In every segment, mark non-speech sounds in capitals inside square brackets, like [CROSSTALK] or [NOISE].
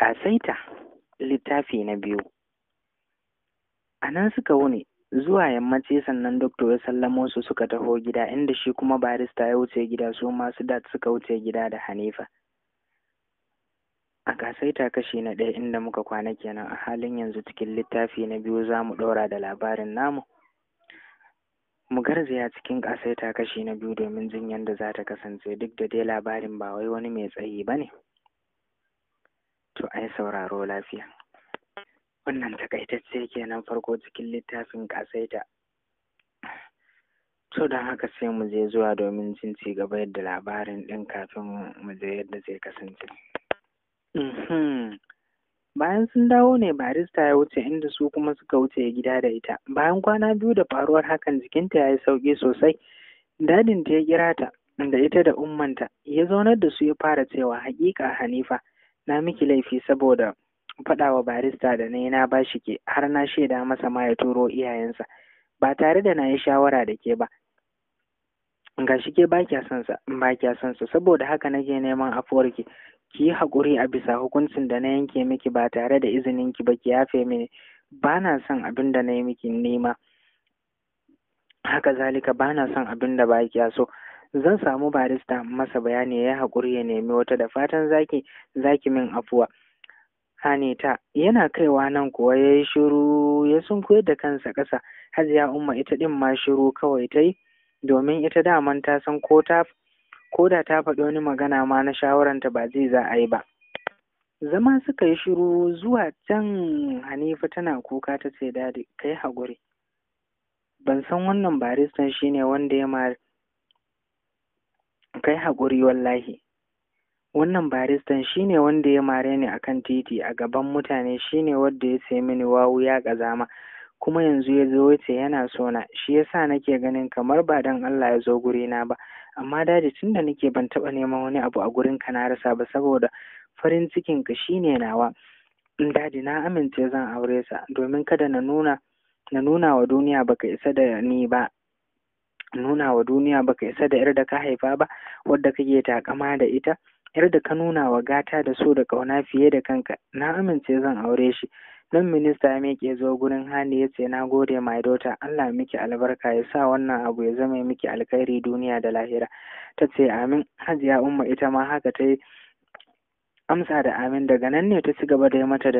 ƙasaita littafi na biyu a nan suka wuni zuwa yammaci sannan doktor ya sallamo su suka taho gida inda shi kuma barista ya wuce gida su masu dat suka wuce gida da hanifa a ƙasaita kashi na ɗaya inda muka kwana kenan a halin yanzu cikin littafi na biyu za mu ɗora da labarin namu mu garzaya cikin ƙasaita kashi na biyu domin jin yadda za ta kasance duk da dai labarin ba wai wani mai tsayi ba ne to ai sauraro lafiya wannan takaitacce kenan farko cikin littafin kasaita to don haka sai mu je zuwa domin jin ci gaba yadda labarin din kafin mu je yadda zai kasance uhm. bayan sun dawo ne barista ya wuce inda su kuma suka wuce gida da ita bayan kwana biyu da faruwar hakan jikinta ya yi sauƙi sosai dadin ta ya kira ta da ita da ummanta ya zaunar da su ya fara cewa haƙiƙa hanifa na miki laifi saboda faɗa wa barista da na na bashi ke har na shaida masa ma ya turo iyayensa ba tare da na yi shawara da ke ba ga shi ke baki sa ba kya son sa saboda haka nake neman afuwar ki ki yi hakuri a bisa hukuncin da na yanke miki ba tare da izinin ki ba ki yafe mini ba na son abin da na yi miki nema haka zalika ba na son abin da ba kya so zan samu barista masa bayani ya haƙuri ya nemi wata da fatan zaki zaki min afuwa Hanita yana kaiwa nan kuwa ya yi shiru ya sunkuyar da kansa ƙasa hajiya umma ita ɗin ma shiru kawai ta yi domin ita daman ta san ko ta ko da ta faɗi wani magana ma na shawaranta ba zai za a yi ba zama suka yi shiru zuwa can hanifa tana kuka ta ce dadi kai haƙuri ban san wannan baristan shine wanda ya mari kai haƙuri wallahi wannan baristan shi ne wanda ya mare ni a kan titi a gaban mutane shi ne wanda ya sayi mini wawu ya ƙazama kuma yanzu ya zo yace yana sona shi ya yasa nake ganin kamar ba don Allah ya zo gurina ba amma daji da nake ban taɓa neman wani abu a gurin ka na rasa ba saboda farin cikin ka ne nawa daji na amince zan aure sa domin kada na nuna na nuna wa duniya baka isa da ni ba nuna wa duniya baka isa da yar da ka haifa ba wadda kake takama da ita yar da ka nuna wa gata da so da kauna fiye da kanka na amince zan aure shi nan minista ya miƙe zo gurin hani ya ce na gode my daughter allah miki albarka ya sa wannan abu ya zama miki alkhairi duniya da lahira ta ce amin hajiya umma ita ma haka ta yi amsa da amin daga nan ne ta ci gaba da yi mata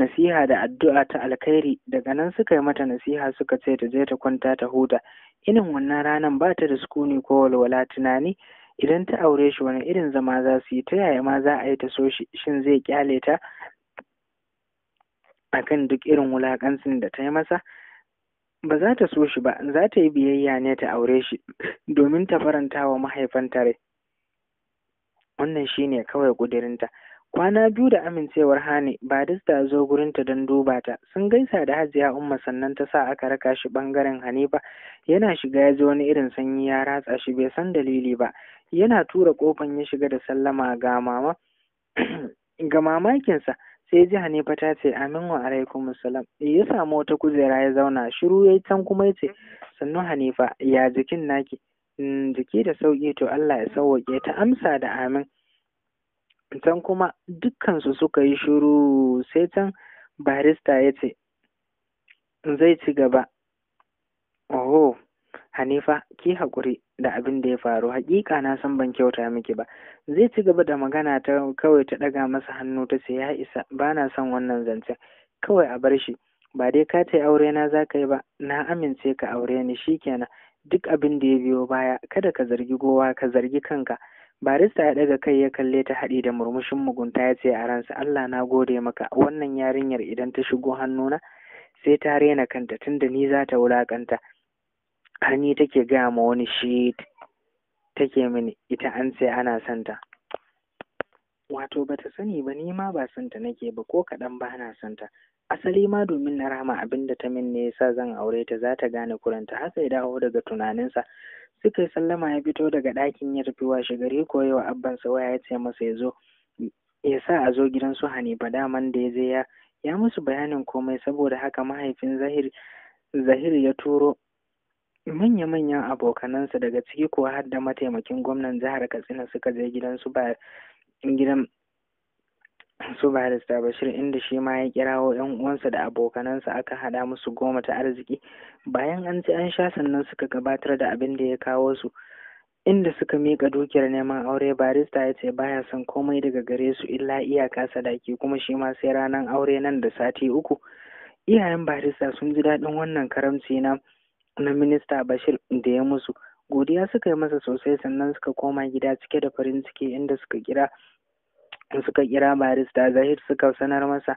nasiha da addu'a ta alkhairi daga nan suka yi mata nasiha suka ce ta je ta kwanta ta huta irin wannan ranan ba ta da sukuni ko walwala tunani idan ta aure shi wani irin zama za su yi ta yaya ma za a yi ta so shi shin zai kyale ta akan duk irin wulakancin da ta yi masa ba za ta so shi ba za ta yi biyayya ne ta aure shi [LAUGHS] domin ta faranta wa mahaifanta rai wannan shi ne kawai ƙudurinta kwana biyu da amincewar hane barista zo gurinta don duba ta sun gaisa da hajiya umma sannan ta sa aka raka shi bangaren hanifa yana shiga ya ji wani irin sanyi ya ratsa shi bai san dalili ba yana tura ƙofan ya shiga da sallama ga mama [CLEARS THROAT] ga mamakinsa sai ji hanifa ta ce amin wa alaikum salam eh, ya samu wata kujera ya zauna shiru ya can kuma ya ce sannu hanifa ya jikin naki mm, jiki da sauƙi to allah ya sauwaƙe ta amsa da amin can kuma dukkansu suka yi shiru sai can barista ya ce zai ci gaba oho hanifa ki haƙuri da abin da ya faru haƙiƙa na san ban kyauta miki ba zai ci gaba da magana ta kawai ta ɗaga masa hannu ta ce ya isa ba na son wannan zancen kawai a bar shi ba dai ka ta aure na za ka yi ba na amince ka aure ni Shi kenan, duk abin da ya biyo baya kada ka zargi gowa, ka zargi kanka barista ya daga kai ya kalle ta haɗi da murmushin mugunta ya ce a ransa Allah na gode maka wannan yarinyar idan ta shigo hannuna sai ta rena kanta tunda ni za ta wulakanta har ni take gaya ma wani shi take mini ita an sai ana santa wato bata sani ba ni ma ba santa nake ba ko kaɗan ba ana santa asali ma domin na rama abin da ta min ne yasa zan aure ta za ta gane kuranta haka ya dawo daga tunaninsa suka yi sallama ya fito daga ɗakin ya tafi washe gari ko abban abbansa waya ya ce masa ya zo ya sa a zo gidan su Hanifa daman da ya je ya ya musu bayanin komai saboda haka mahaifin Zahir Zahir ya turo manya-manyan abokanansa daga ciki ko har da mataimakin gwamnan jihar Katsina suka je gidan su ba gidan [CLEARS THROAT] su barista bashir inda shi ma ya kirawo yan uwansa da abokanansa aka hada musu goma ta arziki bayan an ci an sha sannan suka gabatar da abin da ya kawo su inda suka mika dukiyar neman aure barista ya ce baya son komai daga gare su illa iyaka sadaki kuma shi ma sai ranar aure nan da sati uku iyayen barista sun ji daɗin wannan karamci na na minista bashir da ya musu godiya suka yi masa sosai sannan suka koma gida cike da farin ciki inda suka kira in suka kira barista zahir suka sanar masa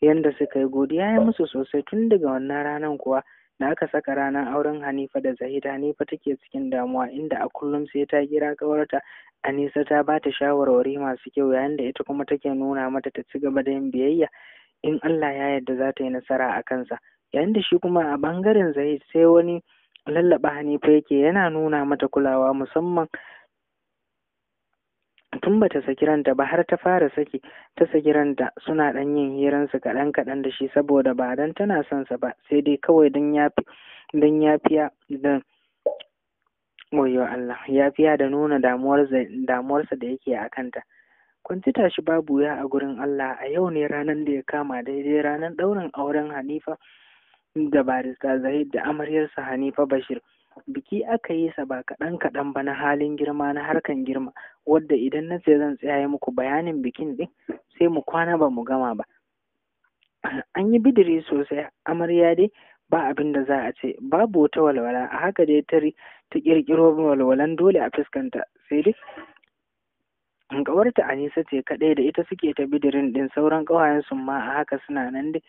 yanda suka yi godiya ya musu sosai tun daga wannan ranar kuwa da aka saka ranar auren Hanifa da Zahid Hanifa take cikin damuwa inda a kullum sai ta kira kawarta Anisa ta ba ta shawarwari masu kyau yayin da ita kuma take nuna mata ta ci gaba da yin biyayya in Allah ya yarda za ta yi nasara a kansa yayin da shi kuma a bangaren Zahid sai wani lallaba Hanifa yake yana nuna mata kulawa musamman tun bata saki ranta ba har ta fara saki ta saki ranta suna ɗan yin su kaɗan kaɗan da shi saboda ba dan tana son sa ba sai dai kawai dan ya dan yafiya dan Allah yafiya da nuna damuwar damuwarsa da yake a kanta kwanci tashi babu ya a gurin Allah a yau ne ranar da ya kama daidai ranar ɗaurin auren Hanifa da barista Zahid da amaryarsa Hanifa Bashir biki aka yi sa ba kaɗan kaɗan ba na halin girma na harkan girma wadda idan na zan tsaya muku bayanin bikin ɗin sai mu kwana ba mu gama ba [CLEARS THROAT] an yi bidiri sosai amarya dai ba abin da za a ce babu wata walwala a haka dai tari ta ƙirƙiro walwalan dole a fuskanta sai dai kawarta anisa ce kaɗai da ita suke ta bidirin ɗin sauran ƙawayen sun ma a haka suna nan dai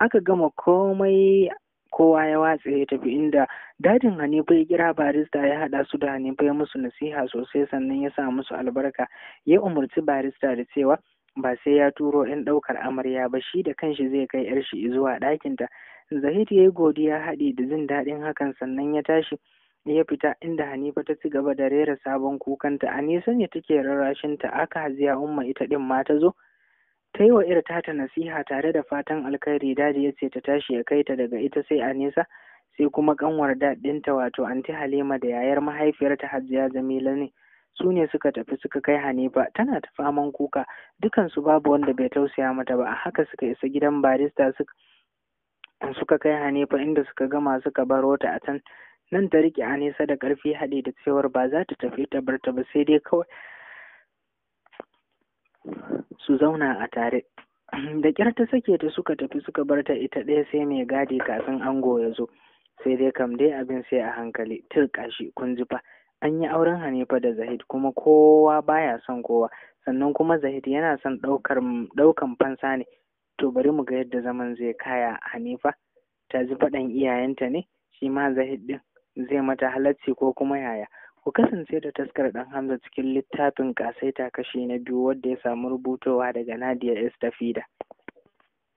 aka gama komai kowa ya watse ya tafi inda dadin hanifa ya kira barista ya hada su da hanifa ya musu nasiha sosai sannan ya sa musu albarka ya umarci barista da cewa ba sai ya turo 'yan daukar amarya ba shi da kanshi zai kai 'yar shi zuwa dakinta. zahid ya yi godiya haɗi da jin daɗin hakan sannan ya tashi ya fita inda hanifa ta ci gaba da rera sabon kukanta a nisan ya take ta aka haziya umma ita din ma ta zo ta yi wa ‘yar ta nasiha tare da fatan alkhairi daji ya ce ta tashi ya kai ta daga ita sai a nesa sai kuma kanwar daɗinta wato anti halima da yayar mahaifiyar ta hajiya jamila ne su ne suka tafi suka kai hanifa tana ta faman kuka dukansu babu wanda bai tausaya mata ba a haka suka isa gidan barista suka suka kai hanifa inda suka gama suka baro ta a can nan ta rike a nesa da karfi haɗe da cewar ba za ta tafi ta bar ta ba sai dai kawai su zauna a tare [CLEARS THROAT] da kyar ta sake ta suka tafi suka bar ta ita ɗaya sai mai gadi kafin ango ya zo sai dai kam dai abin sai a hankali turka shi kun ji fa an yi auren hanifa da zahid kuma kowa baya son kowa sannan kuma zahid yana son ɗaukar ɗaukan fansa ne to bari mu ga yadda zaman zai kaya hanifa ta ji faɗan iyayenta ne shi ma zahid ɗin zai mata halarci ko kuma yaya Ku kasance da taskar ɗan Hamza cikin littafin kasaita kashi na biyu wadda ya samu rubutowa daga Nadia Estafida.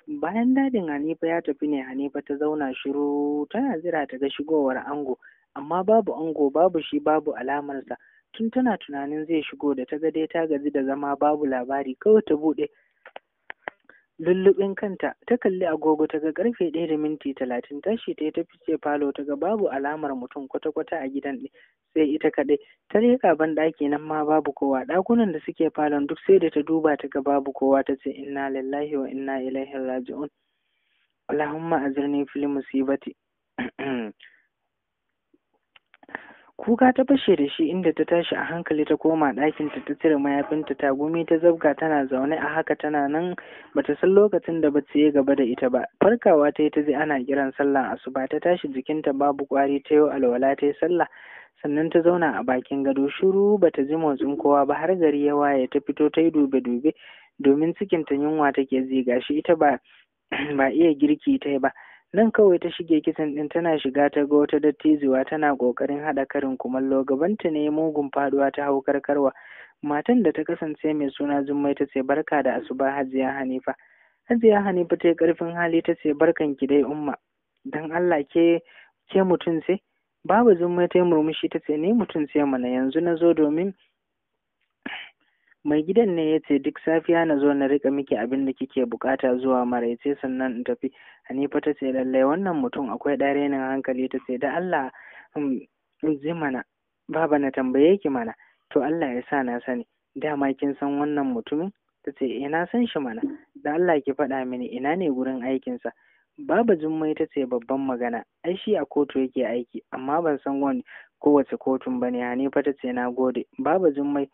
Bayan dadin Hanifa ya tafi ne Hanifa ta zauna shiru tana jira ta ga shigowar ango, amma babu ango babu shi babu alamarsa tun tana tunanin zai shigo da ta ga dai ta gaji da zama babu labari kawai ta buɗe lullubin kanta ta kalli agogo ta ga karfe ɗaya da minti talatin tashi ta ta fice falo ta ga babu alamar mutum kwata-kwata a gidan sai ita kaɗai ta leƙa ban ɗaki nan ma babu kowa ɗakunan da suke falon duk sai da ta duba ta ga babu kowa ta ce inna lillahi wa inna ilaihi raji'un Allahumma azirni fil musibati [CLEARS THROAT] kuka ta fashe da shi inda ta tashi a hankali ta koma ɗakinta ta cire mayafinta ta gumi ta zabga tana zaune a haka tana nan bata san lokacin da bata ya gaba da ita ba farkawa ta yi ta ji ana kiran sallah asuba ta tashi jikinta babu kwari ta yi alwala ta yi sallah sannan ta zauna a bakin gado shiru bata ji motsin kowa ba har gari ya waye ta fito ta yi dube dube domin cikinta yunwa take ziga, shi ita ba [CLEARS THROAT] ba iya girki ta yi ba nan kawai ta shige kisan ɗin tana shiga ta ga wata dattijuwa tana ƙoƙarin haɗa karin kumallo gabanta ne mugun faduwa ta hau karkarwa matan da ta kasance mai suna jummai ta ce barka da asuba hajiya hanifa hajiya hanifa ta yi ƙarfin hali ta ce barkan ki dai umma don allah ke ke mutum ce babu jummai ta yi murmushi ta ce ni mutum ce mana yanzu na zo domin Mai gidan ne ya ce duk safiya na zo na rika miki abin da kike bukata zuwa maraice sannan in tafi. Hanifa ta ce lallai wannan mutum akwai dare hankali ta ce da Allah um, zai mana baba na tambaye ki mana to Allah ya sa na sani dama kin san wannan mutumin ta ce ina eh, san shi mana da Allah ki faɗa mini ina ne gurin aikinsa Baba Jummai ta ce babban magana, ai shi a kotu yake aiki, amma ban san wani kowace kotun ba ne, Hanifa ta ce na gode. Baba Jummai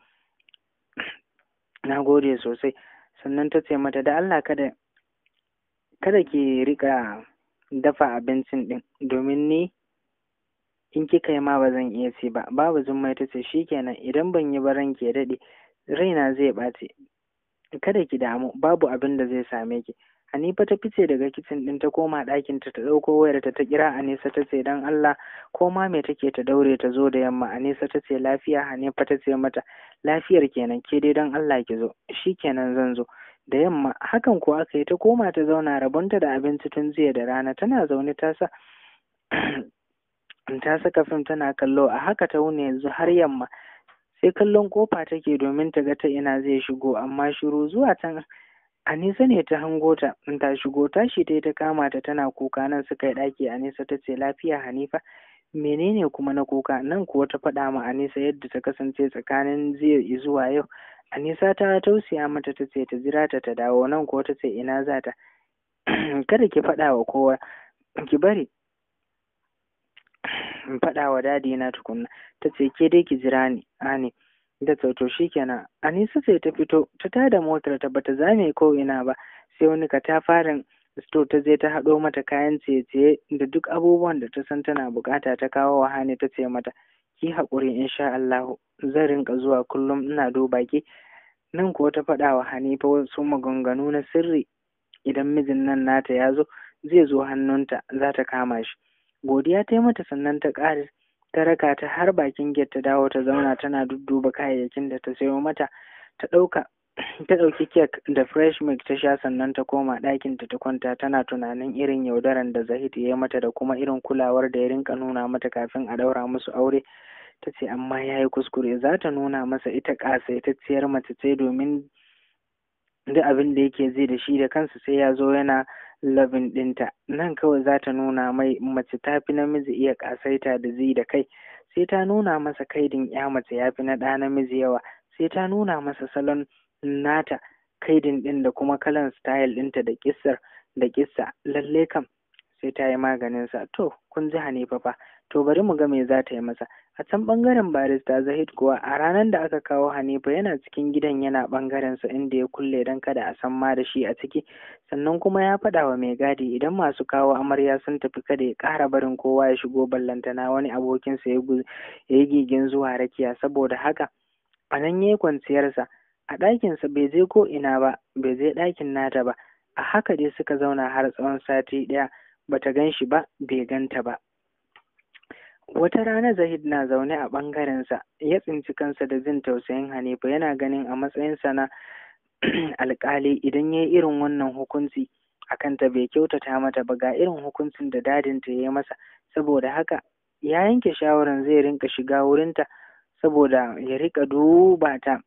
na gode sosai sannan ta ce mata da Allah kada kada ki riƙa dafa abincin din, domin ni in kika yi ma ba zan iya ci ba babu jummai ta ce shikenan idan ban yi ba ranki ya daɗe raina zai ɓace, kada ki damu babu abin da zai same ki Hanifa ta fice daga kicin ɗin ta koma ɗakinta ta ɗauko wayarta ta kira Anisa ta ce don Allah ko ma me take ta daure ta zo da yamma Anisa ta ce lafiya Hanifa ta ce mata lafiyar kenan ke dai don Allah ki zo shi kenan zan zo da yamma hakan ko aka yi ta koma ta zauna rabonta da abinci tun jiya da rana tana zaune ta sa ta saka fim tana kallo a haka ta wuni yanzu har yamma sai kallon kofa take domin ta ga ta ina zai shigo amma shiru zuwa can Anisa ne ta hango ta ta shigo tashi dai ta kama ta tana kuka nan suka yi ɗaki a nisa ta ce lafiya hanifa menene kuma na kuka nan kuwa ta faɗa ma anisa yadda ta kasance tsakanin jiya zuwa yau nisa ta tausaya mata ta ce ta jira ta ta dawo nan kuwa ta ce ina za ta [CLEARS THROAT] kada ki faɗa wa kowa ki bari faɗawa wa dadi na tukunna ta ce ke dai ki jira ni ani da sauto shikenan anisa sai ta fito ta tada motar ta bata zame ko ina ba sai wani katafaren store ta je ta haɗo mata kayan ciye-ciye da duk abubuwan da ta san tana bukata ta kawo wa hani ta ce mata ki haƙuri insha Allahu zan rinka zuwa kullum ina duba ki nan ko ta faɗa wa Hanifa wasu maganganu na sirri idan mijin nan nata ya zo zai zo hannunta za ta kama shi godiya ta yi mata sannan ta ƙara ta raka ta har bakin gate ta dawo ta zauna tana dudduba kayayyakin da ta sayo mata ta dauka ta ɗauki kek da fresh milk ta sha sannan ta koma ɗakin ta ta kwanta tana tunanin irin yaudaran da Zahid ya yi mata da kuma irin kulawar da ya rinka nuna mata kafin a ɗaura musu aure ta ce amma ya yi kuskure za ta nuna masa ita ciyar mace ce domin duk abin da yake zai da shi da kansa sai ya zo yana labin ɗinta nan kawai za ta nuna mai mace ta fi namiji iya ƙasaita da zi da kai sai ta nuna masa kaidin ya mace ya fi na ɗa namiji yawa sai ta nuna masa salon nata kaidin ɗin da kuma kalan style ɗinta da kissar da kissa lalle kam sai ta yi maganin sa, to kun ji hanifa fa to bari mu ga me za ta yi masa a can bangaren barista zahid kuwa a ranar da aka kawo hanifa yana cikin gidan yana bangaren sa inda ya kulle dan kada a san ma da shi a ciki sannan kuma ya faɗa wa mai gadi idan masu kawo amarya sun tafi kada ya ƙara barin kowa ya shigo ballantana wani abokinsa ya yi gigin zuwa rakiya saboda haka a nan ya yi kwanciyarsa a ɗakinsa bai je ko ina ba bai je ɗakin nata ba a haka dai suka zauna har tsawon sati ɗaya bata gan shi ba bai ganta ba Wata rana Zahid na zaune a ɓangarensa, ya tsinci kansa da jin tausayin Hanifa yana ganin a matsayinsa na [CLEARS THROAT] alƙali idan ya yi irin wannan hukunci a kanta bai kyautata mata ba ga irin hukuncin da dadinta ya yi masa, saboda haka ya yanke shawaran zai rinka shiga wurinta saboda ya rika duba ta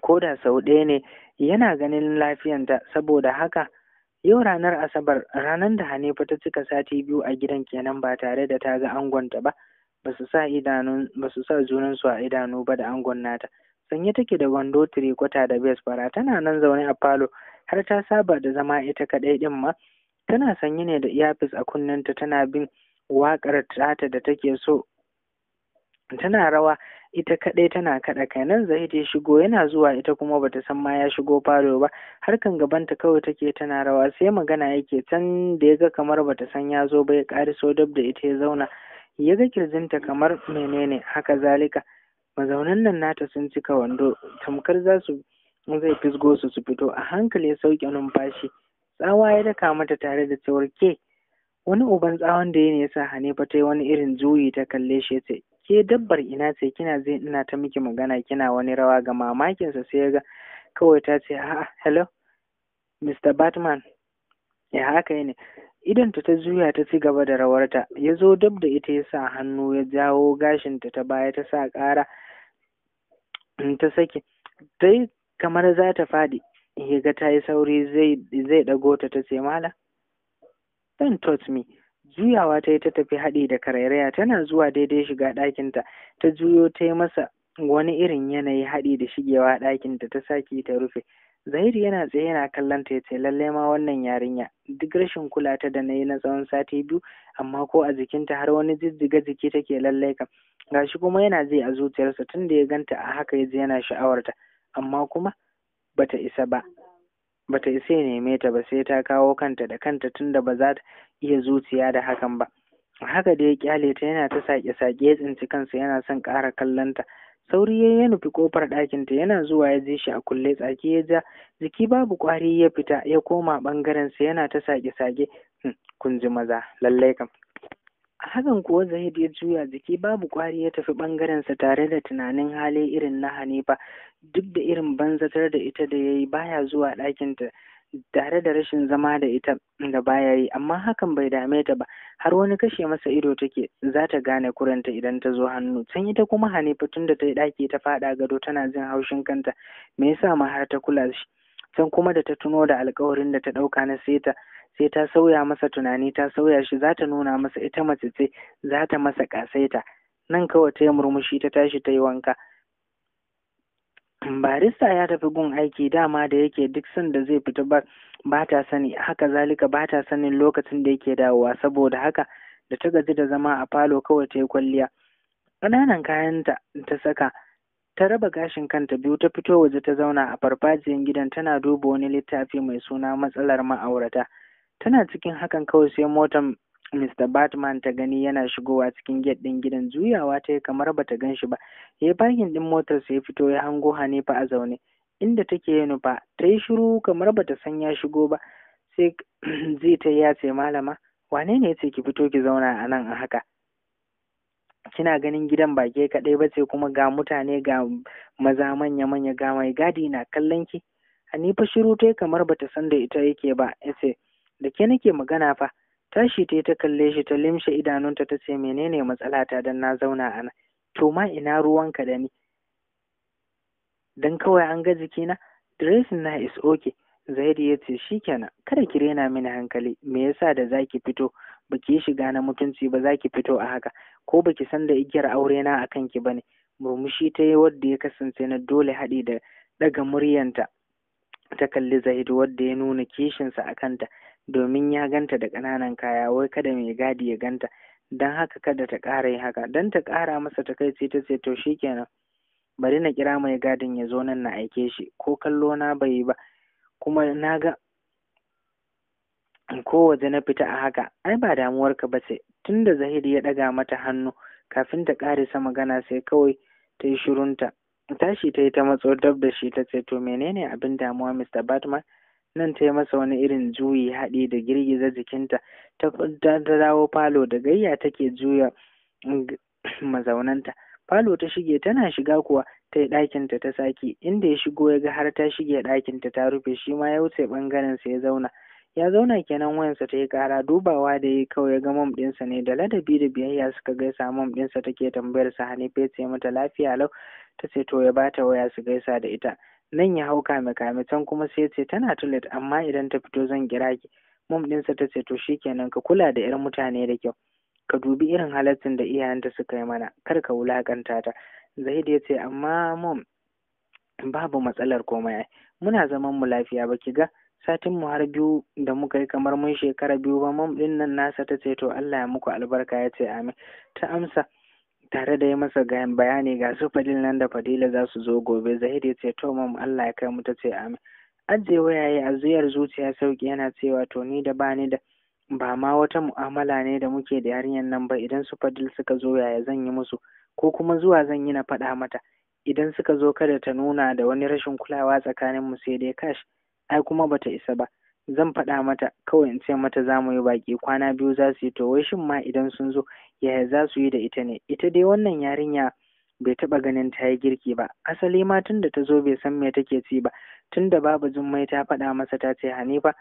ko da sau ɗaya ne yana ganin lafiyanta saboda haka Yau ranar Asabar, ranar da Hanifa ta cika sati biyu a gidan kenan ba tare da ta ga angonta ba, ba su sa su junansu a idanu ba da angon nata. Sanye take da wando kwata da bes fara tana nan zaune a falo har ta saba da zama ita kaɗai ɗin ma. Tana sanye ne da iyafis a kunnenta tana bin waƙar tata da take so. Tana rawa ita kaɗai tana kaɗa kai nan ya shigo yana zuwa ita kuma bata san ma ya shigo falo ba harkan gabanta kawai take tana rawa sai magana yake can da ya ga kamar bata san ya zo ba ya so dab da ita ya zauna ya ga kirjinta kamar menene haka zalika mazaunan nan nata sun cika wando tamkar za su zai fisgo su su fito a hankali ya sauke numfashi tsawa ya daka mata tare da tsawar ke wani uban tsawon da ya ne ya sa Hanifa ta yi wani irin juyi ta kalle shi ya ce ke dabbar ina ce kina zai ina ta miki magana kina wani rawa ga mamakinsa sai ya ga kawai ta ce ha hello mr batman ya haka ne idanta ta juya ta ci gaba da rawarta ya zo dab da ita ya sa hannu ya jawo gashinta ta baya ta sa ƙara ta saki. dai kamar za ta faɗi ya ga ta yi sauri zai ɗago ta ta ce mala don't touch me juyawa ta yi ta tafi haɗi da karairaya tana zuwa daidai shiga ɗakinta ta juyo ta yi masa wani irin yanayi haɗi da shigewa ɗakinta ta sake ta rufe Zahiri yana tsaye yana kallon ta ce lallai ma wannan yarinya duk rashin kula ta da na yi na tsawon sati biyu amma ko a jikinta har wani jijjiga jiki take lallai kam gashi kuma yana ji a zuciyarsa tun da ya ganta a haka ya ji yana sha'awarta amma kuma bata isa ba bata isa ya neme ta ba sai ta kawo kanta da kanta tunda ba za ta iya zuciya da hakan ba haka da ya kyale ta yana ta sake saƙe ya tsinci kansa yana son ƙara kallon ta sauri ya ya nufi kofar ɗakinta yana zuwa ya ji shi a kulle tsaki ya ja jiki babu ƙwari ya fita ya koma ɓangarensa yana ta saƙe-saƙe hmm, kun ji maza lallai kam Hakan kuwa Zahid ya juya jiki babu kwari ya tafi ɓangarensa tare da tunanin hali irin na Hanifa duk da irin banzatar da ita da ya yi baya zuwa ɗakinta tare da rashin zama da ita da baya yi amma hakan bai dame ta ba har wani kashe masa ido take za ta gane kuranta idan ta zo hannu can ita kuma Hanifa tun da ta yi ɗaki ta faɗa gado tana jin haushin kanta me yasa ma har ta kula shi can kuma da ta tuno da alkawarin da ta ɗauka na seta sai ta sauya masa tunani ta sauya shi za ta nuna masa ita mace ce za ta masa kasaita nan kawai ta yi murmushi ta tashi ta yi wanka barista ya tafi gun aiki dama da yake duk sanda zai fita ba ta sani haka zalika ba ta sanin lokacin da yake dawowa saboda haka da ta gaji da zama a falo kawai ta yi kwalliya ƙananan kayanta ta saka ta raba gashin kanta biyu ta fito waje ta zauna a farfajiyar gidan tana duba wani littafi mai suna matsalar ma'aurata tana cikin hakan kawai sai motar Mr. Batman ta gani yana shigowa cikin gate ɗin gidan juyawa ta yi kamar bata gan shi ba. Ya yi bakin ɗin motar sai fito ya hango Hanifa a zaune inda take yi nufa ta yi shiru kamar bata san ya shigo ba sai [CLEARS THROAT] zai ta ya ce malama wane ne ce ki fito ki zauna a nan a haka. Kina ganin gidan ba ke kaɗai ba ce kuma ga mutane ga maza manya manya ga mai gadi na kallon ki. Hanifa shiru ta yi kamar bata san da ita yake ba ya ce da ke nake magana fa tashi ta ta kalle shi ta limshe idanunta ta ce menene matsalata dan na zauna a nan to ma ina ruwanka da ni dan kawai an ga jikina dressing na is okay Zaidi ya ce shi shikenan kada ki rena mini hankali me yasa da zaki fito baki shiga na mutunci ba zaki fito a haka ko baki san da igiyar aure na a kanki ba ne? murmushi ta yi wadda ya kasance na dole haɗi da ɗaga muryanta ta kalli zaidu wadda ya nuna kishinsa a kanta domin ya ganta da ƙananan kaya wai kada mai gadi ya ganta don haka kada ta ƙara yi haka don ta ƙara masa ta sai ta ce to shikenan bari na kira mai gadin ya zo nan na aike shi ko kallo na bai yi ba kuma na ga kowace na fita a haka ai ba damuwar ka ba ce tunda zahiri ya ɗaga mata hannu kafin ta ƙare sa magana sai kawai ta yi shirunta tashi ta yi ta matso dab da shi ta ce to menene abin damuwa mr batman nan ta yi masa wani irin juyi haɗi da girgiza jikinta ta dawo falo da gayya take juya [COUGHS] mazaunanta falo ta shige tana shiga kuwa ta yi ɗakinta ta sake inda ya shigo ya ga har ta shige ɗakinta ta rufe shi ma ya wuce sa ya zauna ya zauna kenan wayansa ta yi kara dubawa da ya kawai ya ga mom ɗinsa ne da ladabi da biyayya suka gaisa mom ɗinsa take tambayar sa hanife ce mata lafiya lau ta ce to ya bata waya su gaisa da ita nan ya hau kame kame can kuma sai ce tana tulet amma idan ta fito zan kira ki mom ɗinsa ta ce to shikenan ka kula da yar mutane da kyau ka dubi irin halaccin da iyayenta suka yi mana kar ka wulakanta ta zahid ya ce amma mom babu matsalar komai muna zaman mu lafiya ba ki ga satin mu har biyu da muka yi kamar mun shekara biyu ba mom din nan nasa ta ce to Allah ya muku albarka ya ce amin ta amsa tare da yi masa bayani ga su fadil nan da fadila za su zo gobe zahiri ya ce to mam allah ya kai mu ta ce amin ajiye wayaye a zuyar zuciya sauki yana cewa to ni da bani da ba ma wata mu'amala ne da muke da yarinyar nan ba idan su fadil suka zo yaya zan yi musu ko kuma zuwa zan yi na faɗa mata idan suka zo kada ta nuna da wani rashin kulawa tsakanin mu sai dai kash ai kuma bata isa ba zan faɗa mata kawai in ce mata za mu yi baƙi kwana biyu za su yi to wai shin ma idan sun zo yaya za su yi da ita ne ita dai wannan yarinya bai taɓa ganin ta yi girki ba asali ma tun da ta zo bai san me take ci ba tun da babu jummai ta faɗa masa ta ce hanifa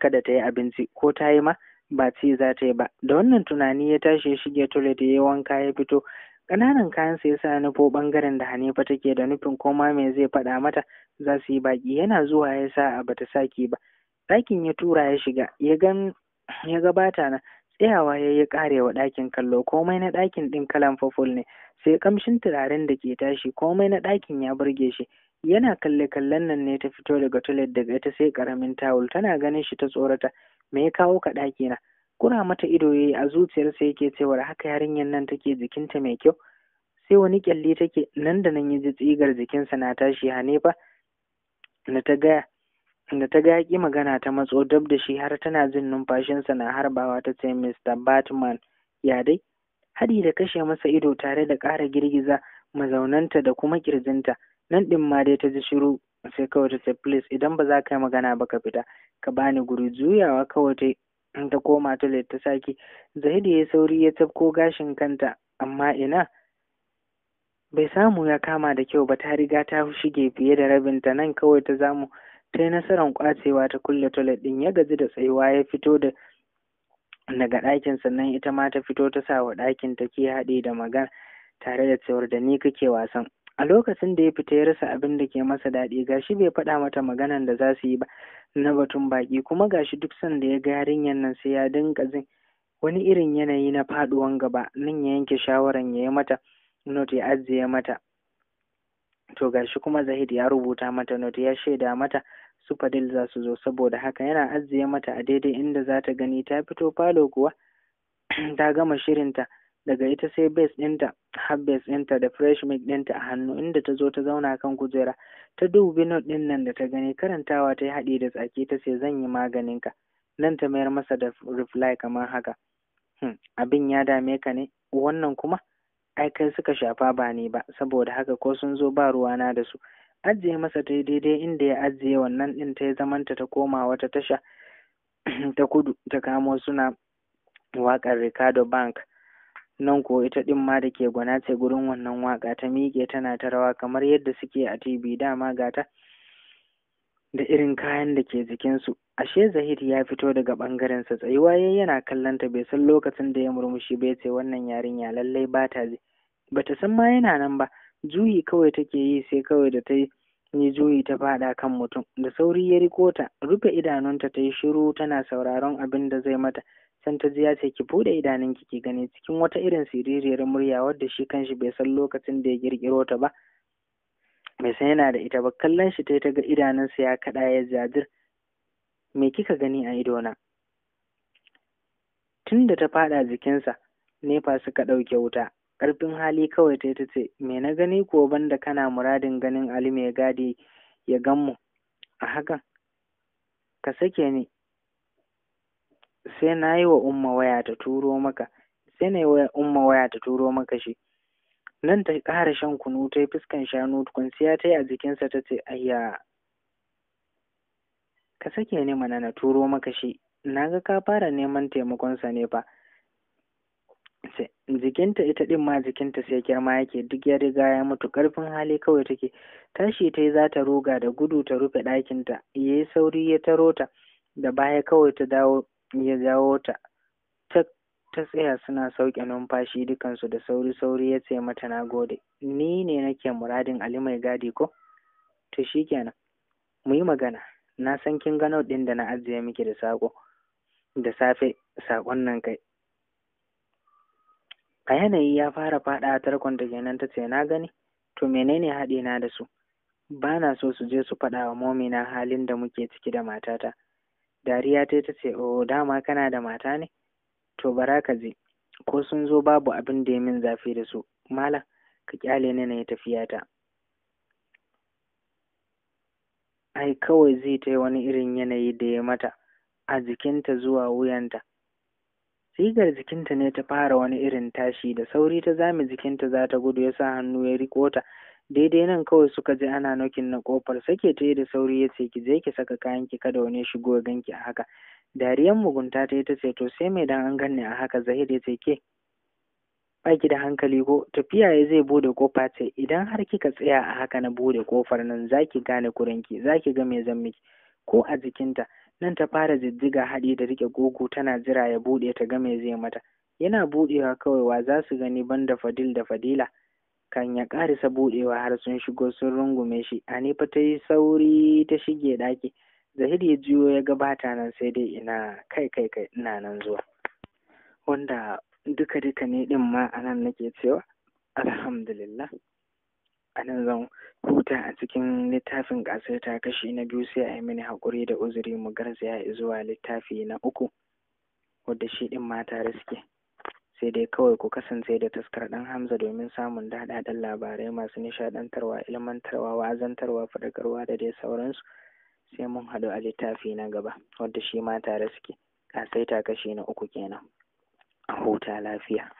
kada ta yi abinci ko ta yi ma ba ci za ta yi ba da wannan tunani ya tashi ya shige toilet ya yi wanka ya fito ƙananan kayansa ya sa nufo ɓangaren da Hanifa take da nufin koma me zai faɗa mata za su yi baƙi yana zuwa ya sa a bata saki ba ɗakin ya tura ya shiga ya gan ya gabata na tsayawa ya yi karewa ɗakin kallo komai na ɗakin ɗin kalan fafol ne sai kamshin turaren da ke tashi komai na ɗakin ya burge shi yana kalle kallon nan ne ta fito daga tulet daga ita sai karamin tawul tana ganin shi ta tsorata me ya kawo ka ɗaki na kura mata ido yayi a zuciyarsa yake cewar haka yarinyar nan take jikinta mai kyau sai wani kyalle take nan da nan ya ji tsigar jikinsa na tashi hanefa na ta gaya da ta ga yaƙi magana ta matso dab da shi har tana jin numfashinsa na harbawa ta ce Mr. Batman ya dai hadi da kashe masa ido tare da ƙara girgiza mazaunanta da kuma kirjinta nan ɗin ma dai ta ji shiru sai kawai ta ce please idan ba za ka yi magana ba ka fita ka bani guri juyawa kawai ta ta koma ta ta sake zahidi ya sauri ya tafko gashin kanta amma ina bai samu ya kama da kyau ba ta riga ta shige fiye da rabinta nan kawai ta zamu ta yi nasarar kwacewa ta kulle toilet din ya gaji da tsayuwa ya fito da daga ɗakin sannan ita ma ta fito ta sa wa ɗakin ta ke haɗe da magana tare da cewar da ni kake wasan a lokacin da ya fita ya rasa abin da ke masa daɗi gashi bai faɗa mata maganan da za su yi ba na batun baƙi kuma gashi duk sanda ya ga yarinyar nan sai ya dinga jin wani irin yanayi na faɗuwan gaba nan ya yanke shawaran ya yi mata not ya ajiye mata to gashi kuma zahid ya rubuta mata not ya shaida mata su fadil za su zo saboda haka yana ajiye mata a daidai inda za ta gani ta fito falo kuwa [CLEARS THROAT] ta gama shirinta daga ita sai base ɗinta har base ɗinta da fresh milk ɗinta a hannu inda ta zo ta zauna kan kujera ta dubi not ɗin nan da ta gani karantawa ta yi haɗi da tsaki ta ce zan yi maganin ka" nan ta mayar masa da reply kamar haka hmm, abin ya dame ka ne wannan kuma ai kai suka shafa ba ni ba saboda haka ko sun zo ba ruwana da su ajiye masa ta daidai inda ya ajiye wannan din ta zamanta ta koma wata tasha [CLEARS THROAT] ta kudu ta kamo suna waƙar Ricardo Bank nan ko ita din ma da ke gwana ce gurin wannan waƙa ta miƙe tana ta rawa kamar yadda suke a TV dama gata da irin kayan da ke jikinsu ashe Zahid ya fito daga ɓangarensa tsayuwa yayi yana kallon bai san lokacin da ya murmushi bai ce wannan yarinya lallai ba ta ji bata san ma yana nan ba juyi kawai take yi sai kawai da ta yi juyi ta faɗa kan mutum da sauri ya riko ta rufe idanunta ta yi shiru tana sauraron abin da zai mata san ta ji ya ce ki buɗe idanun ki gani cikin wata irin siririyar murya wadda shi kanshi bai san lokacin da ya girgiro ta ba bai san yana da ita ba kallon shi ta ta ga idanunsa ya kaɗa ya jajir me kika gani a idona tun da ta faɗa jikinsa nefa suka ɗauke wuta ƙarfin hali kawai ta ta ce me na gani kuwa banda kana muradin ganin ali mai gadi ya ganmu a hakan ka sake ni sai na yi wa umma waya ta turo maka sai na yi wa umma waya ta turo maka shi nan ta ƙara shan kunu ta yi fuskan shanu kwanciya ta yi a jikinsa ta ce ayya ka sake ni mana na turo maka shi na ga ka fara neman taimakonsa ne fa jikinta ita din ma jikinta sai girma yake duk ya riga ya mutu karfin hali kawai take tashi ta yi za ta ruga da gudu ta rufe ɗakinta ya yi sauri ya taro ta da baya kawai ta dawo ya jawo ta ta tsaya suna sauke numfashi dukansu da sauri sauri ya ce mata na gode ni ne nake muradin ali mai gadi ko to shikenan mu yi magana na san kin gano ɗin da na ajiye miki da sako da safe sakon nan kai a yanayi ya fara faɗa a tarkon da kenan ta ce na gani to menene haɗina na da su ba na so su je su faɗa wa momina halin da muke ciki da matata dariya ta ta ce o oh, dama kana da mata ne to bara ka je ko sun zo babu abin da ya min zafi da su malam ka kyale ni na yi tafiyata ai kawai zai ta wani irin yanayi da ya mata a jikinta zuwa wuyanta sigar jikinta ne ta fara wani irin tashi da sauri ta zame jikinta za ta gudu ya sa hannu ya riko ta daidai nan kawai suka je ana nokin na kofar sake ta yi da sauri ya ce ki je ki saka kayan ki kada wani shigo ya ganki a haka dariyan mugunta ta yi ta ce to sai mai dan an ganni a haka zahid ya ce ke baki da hankali ko tafiya ya zai bude kofa ce idan har kika tsaya a haka na bude kofar nan zaki gane kurinki zaki ga mai zan miki ko a jikinta nan ta fara jijjiga haɗi da riƙe gogo tana jira ya buɗe ta ga me zai mata yana buɗewa kawai wa za su gani banda fadil da fadila kan ya ƙarisa buɗewa har sun shigo sun rungume shi ani ta yi sauri ta shige ɗaki zahir ya juyo ya gabata nan sai dai ina kai kai kai ina nan zuwa wanda duka duka ne ɗin ma anan nake cewa alhamdulillah a nan zan huta a cikin littafin ta kashi na biyu sai a yi mini haƙuri da uzuri mu garzaya zuwa littafi na uku wadda shi ɗin mata riske sai dai kawai ku kasance da taskar ɗan hamza domin samun daɗaɗɗen labarai masu nishaɗantarwa ilmantarwa wa'azantarwa faɗakarwa da dai sauransu sai mun haɗu a littafi na gaba wadda shi mata riske ta kashi na uku kenan a huta lafiya